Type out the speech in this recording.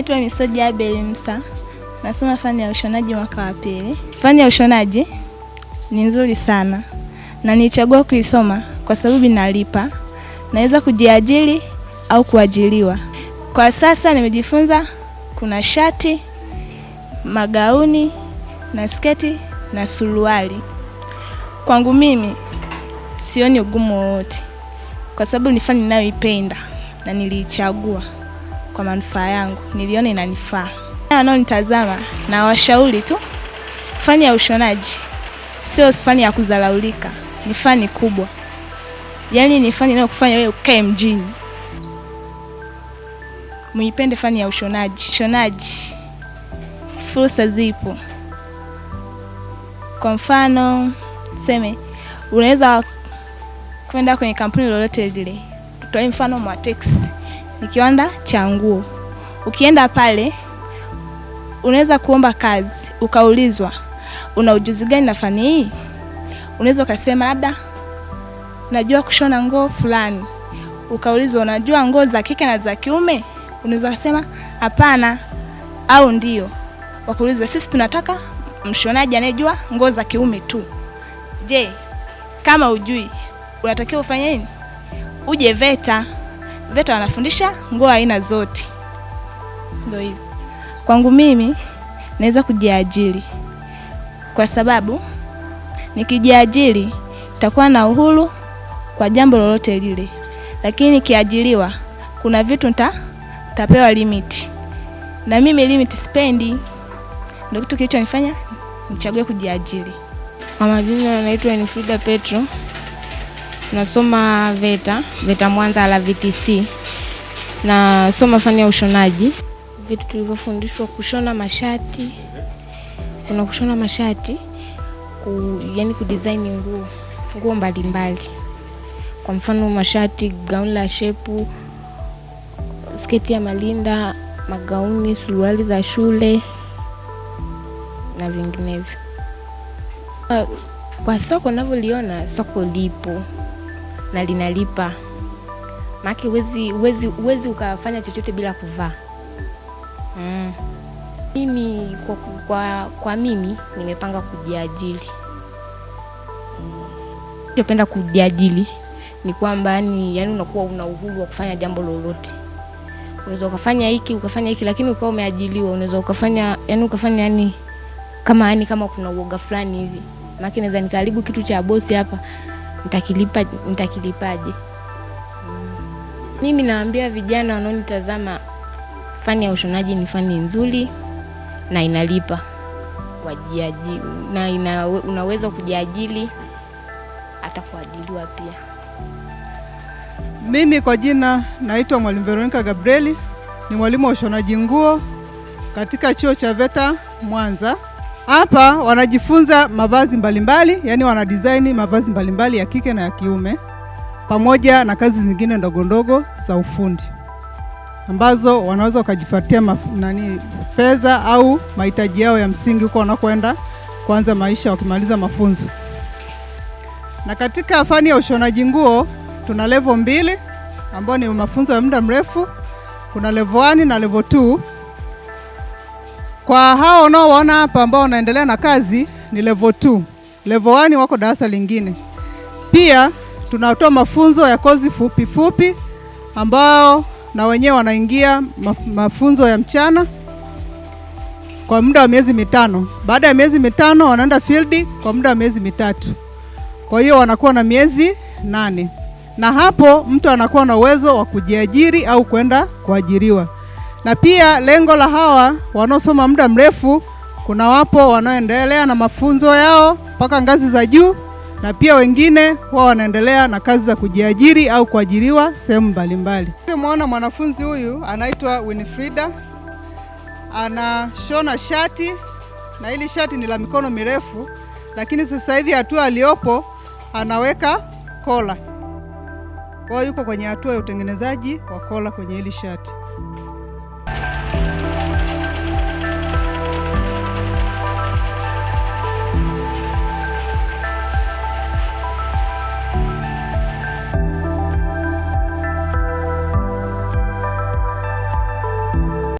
Naitwa Misoji Abel Msa, nasoma fani ya ushonaji mwaka wa pili. Fani ya ushonaji ni nzuri sana na nilichagua kuisoma kwa sababu inalipa, naweza kujiajiri au kuajiriwa. Kwa sasa nimejifunza kuna shati, magauni na sketi na suruali. Kwangu mimi sioni ugumu wowote, kwa sababu ni fani ninayoipenda na niliichagua kwa manufaa yangu, niliona inanifaa. Wanaonitazama na washauri tu, fani ya ushonaji sio fani ya kudharaulika, ni fani kubwa, yaani ni fani inayokufanya wewe ukae mjini. Muipende fani ya ushonaji. Ushonaji fursa zipo, kwa mfano tuseme unaweza kwenda kwenye kampuni lolote lile, tutoe mfano Mwatex ni kiwanda cha nguo. Ukienda pale unaweza kuomba kazi ukaulizwa una ujuzi gani na fani hii, unaweza ukasema labda najua kushona nguo fulani, ukaulizwa unajua nguo za kike na za kiume, unaweza kusema hapana au ndio. Wakuuliza sisi tunataka mshonaji anayejua nguo za kiume tu. Je, kama ujui unatakiwa ufanye nini? Uje VETA. VETA wanafundisha nguo aina zote. Ndio hivyo kwangu mimi naweza kujiajiri, kwa sababu nikijiajiri nitakuwa na uhuru kwa jambo lolote lile, lakini nikiajiriwa kuna vitu nita tapewa limiti, na mimi limiti spendi Ndio kitu kilichonifanya nichague kujiajiri. Kwa majina anaitwa Enfrida Petro. Nasoma VETA, VETA Mwanza la VTC. Nasoma fani ya ushonaji. Vitu tulivyofundishwa kushona mashati, kuna kushona mashati ku, yani kudesign nguo nguo mbalimbali, kwa mfano mashati, gauni la shepu, sketi ya malinda, magauni, suruali za shule na vinginevyo. Kwa soko navyoliona, soko lipo na linalipa. Maana huwezi huwezi huwezi ukafanya chochote bila kuvaa mm. Mimi kwa, kwa, kwa mimi nimepanga kujiajili Napenda kujiajili ni kwamba yani, yani unakuwa una uhuru wa kufanya jambo lolote. Unaweza ukafanya hiki ukafanya hiki, lakini ukawa umeajiliwa, unaweza ukafanya yani ukafanya yani kama yani kama kuna uoga fulani hivi, maana naweza nikaribu kitu cha bosi hapa nitakilipa nitakilipaje? Mimi naambia vijana wanaonitazama, fani ya ushonaji ni fani nzuri na inalipa wajiajiri, na ina, unaweza kujiajili hata kuajiriwa pia. Mimi kwa jina naitwa Mwalimu Veronica Gabrieli, ni mwalimu wa ushonaji nguo katika chuo cha VETA Mwanza. Hapa wanajifunza mavazi mbalimbali, yani wana design mavazi mbalimbali ya kike na ya kiume pamoja na kazi zingine ndogondogo za ufundi ambazo wanaweza wakajipatia nani fedha au mahitaji yao ya msingi huko wanakwenda kuanza maisha wakimaliza mafunzo. Na katika fani ya ushonaji nguo tuna level mbili ambayo ni mafunzo ya muda mrefu. Kuna level 1 na level 2 kwa hao unaowaona hapa ambao wanaendelea na kazi ni level 2. Level 1 wako darasa lingine. Pia tunatoa mafunzo ya kozi fupi fupi ambao na wenyewe wanaingia mafunzo ya mchana kwa muda wa miezi mitano. Baada ya miezi mitano wanaenda field kwa muda wa miezi mitatu. Kwa hiyo wanakuwa na miezi nane, na hapo mtu anakuwa na uwezo wa kujiajiri au kwenda kuajiriwa na pia lengo la hawa wanaosoma muda mrefu, kuna wapo wanaoendelea na mafunzo yao mpaka ngazi za juu, na pia wengine wao wanaendelea na kazi za kujiajiri au kuajiriwa sehemu mbalimbali. Tumeona mwanafunzi huyu anaitwa Winifrida, anashona shati na hili shati ni la mikono mirefu, lakini sasa hivi hatua aliyopo anaweka kola. Kwa yuko kwenye hatua ya utengenezaji wa kola kwenye hili shati.